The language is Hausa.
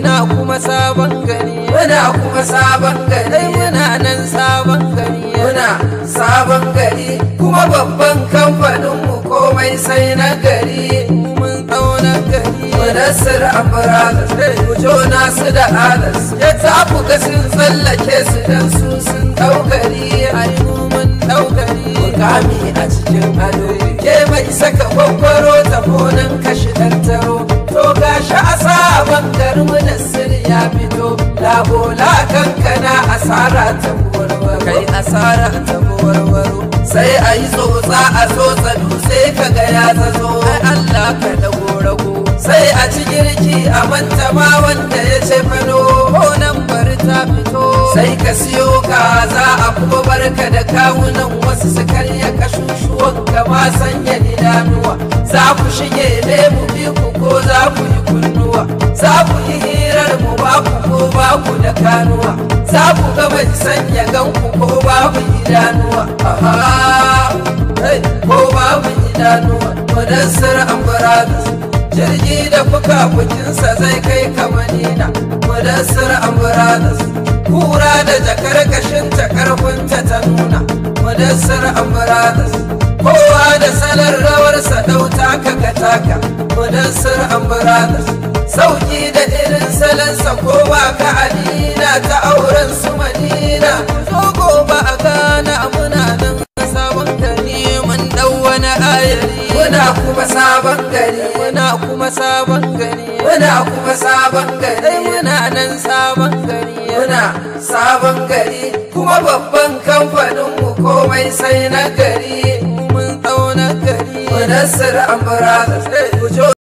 muna kuma sabon gari muna kuma sabon gari muna nan sabon gari muna sabon gari kuma babban kamfanin mu komai sai na gari mun tsauna gari mudassir amuralas mujo nasu da alas ya tafi ga sun tsallake su dan su sun daukari ai mun daukari mukami a cikin ado ke mai saka kwakwaro tafonin kashi dan taro to gashi a saba labola kankana asara ta warwaro kai asara ta warwaro sai a yi tsotsa a tsotsa dutse ka ga ya zazo ai Allah ka dago rago sai a ci girki a manta ma wanda ya ce fano nan bari ta fito sai ka siyo kaza a kuma barka da kawunan wasu su karya kashushuwan ka ma sanya idanuwa za ku shige lebu biyu ko za ku yi kunnuwa za ku yi ko babu da kanuwa za ku ga bai sanya ganku ko babu idanuwa ko babu idanuwa madassar ambaradus jirgi da fuka-fukinsa zai kai kamanina madassar ambaradus kura da jakar kashinta karfinta ta nuna madassar ambaradus kowa da salar rawarsa ɗauta taka taka madassar ambaradus sauki da irin aurensa kowa ka alina ta auren su madina ko ba a gana muna nan sabon gari mun dau wani ayari muna kuma sabon gari muna kuma sabon gari muna kuma sabon gari muna nan sabon gari muna sabon gari kuma babban kamfanin mu komai sai na gari mun na gari munassar amurata